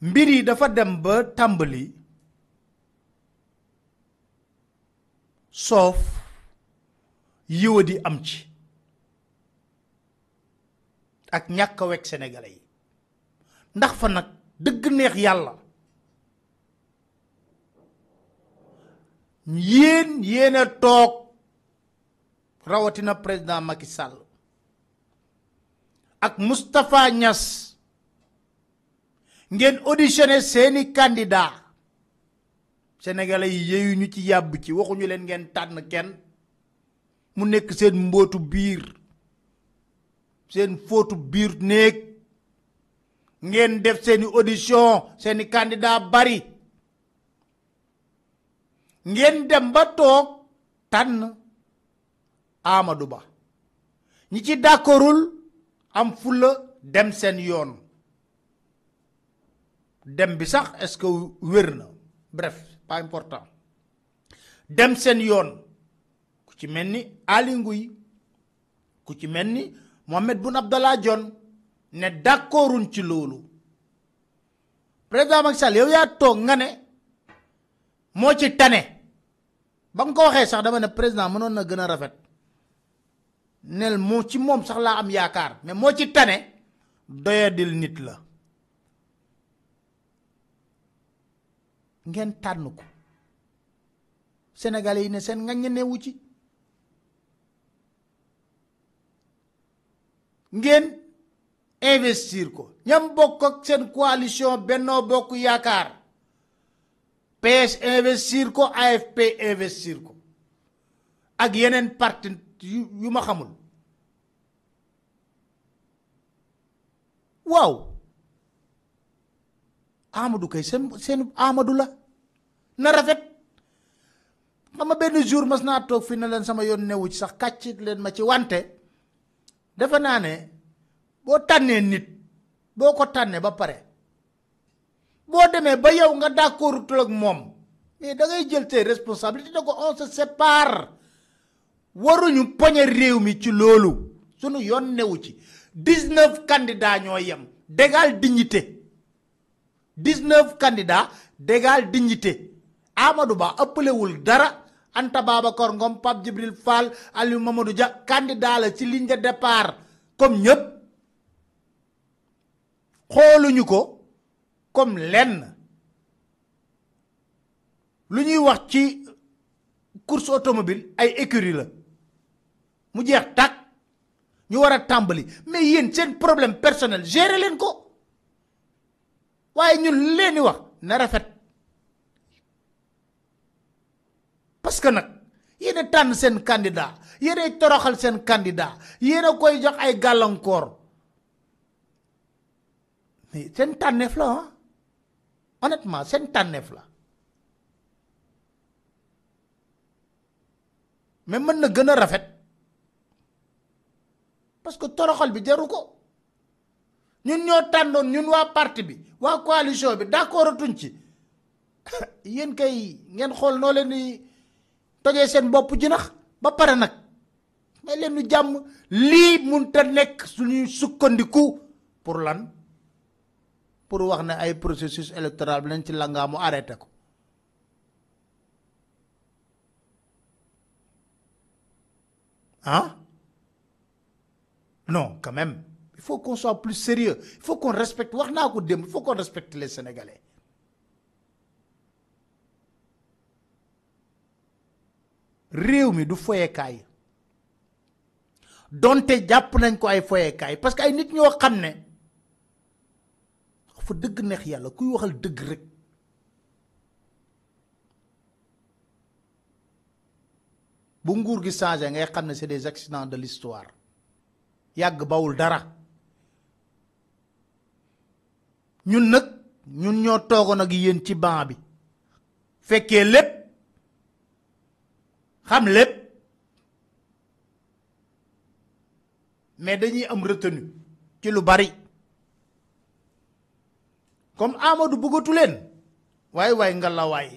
mbir yi dafa dem ba tàmbali soof yiwa di am ci ak ñàkk a wekk yi ndax fa nag dëgg neex yàlla yéen yéen a toog rawatina président Macky Sall ak Moustapha Niass ngeen auditionné seeni candidat sénégalais yi yeeyu ñu ci yàbb ci waxuñu leen ngeen tànn kenn mu nekk seen mbootu biir seen fóotu biir néeg ngeen def seeni audition seeni candidat bari ngeen dem ba toog tànn amadu Ba ñi ci d'accordul am fulla dem seen yoon dem bi sax est-ce que wér na bref pas important dem seen yoon ku ci mel ni Aly Ngouille ku ci mel ni Mohamed Boun Abdallah Dionne ne d'accorduñ ci loolu président Macky Sall yow yaa toog nga ne moo ci tane ba nga ko waxee sax dama ne président mënoon na gën a rafet nel moo ci moom sax laa am yaakaar mais moo ci tane doyadil nit la ngeen tànn ko sénégalais yi ne seen nga newu ci ngeen investir ko ñam bokk ak seen coalition bennoo Bokk Yaakaar PS investir ko AFP investir ko ak yeneen parti yu ma xamul waaw Amadou kay seen seen Amadou la na rafet xam nga benn jour mas naa toog fi na leen sama yoon newu ci sax kàccit leen ma ci wante defe naa ne boo tànnee nit boo ko tànnee ba pare boo demee ba yow nga d'accordutul ak moom mais eh, da ngay jël ses ko on se sépare waruñu poñe réew mi ci loolu sunu yoon newu ci dix-neuf ñoo yem d'égale dignité dix-neuf candidats d'égale Amadou Ba ëppalewul dara Anta Babacar Ngom Pape Djibril Fall Aliou Mamadou Dia candidat la ci ligne de départ comme ñëpp xooluñu ko comme lenn lu ñuy wax ci course automobile ay écurie la mu jeex tàkk ñu war a tàmbali mais yéen seen problème personnel gérer leen ko waaye ñun leeni wax na rafet parce que nag yéen tànn seen candidat yéen toroxal seen candidat yéen koy jox ay gàllankoor seen tànneef la ah seen tànneef la mais mën na gën a rafet parce que toroxal bi jaru ko ñun ñoo tànnoon ñun waa parti bi waa coalition bi d'accord atuñ ci yéen kay ngeen xool noo leen sen bop ji nak ba pare nak may len nu li mun ta nek suñu sukkandiku pour lan pour wax ne ay processus électoral bi nañ ci langaamu arrêté ko ah non quand même il faut qu'on soit plus sérieux il faut qu'on respecte wax naa ko dem il faut qu'on respecte les sénégalais réew mi du foyekaay donte jàpp nañ ko ay foyekaay parce que ay nit ñoo xam ne fa dëgg neex yàlla kuy waxal dëgg rek bu nguur gi changé ngay xam ne c'est des accidents de l'histoire yàgg bawul dara ñun nag ñun ñoo toogoon ak yéen ci ban bi fekkee lépp xam lépp mais dañuy am retenu ci lu bari comme Amadou bëggatu leen waaye waaye ngalawaay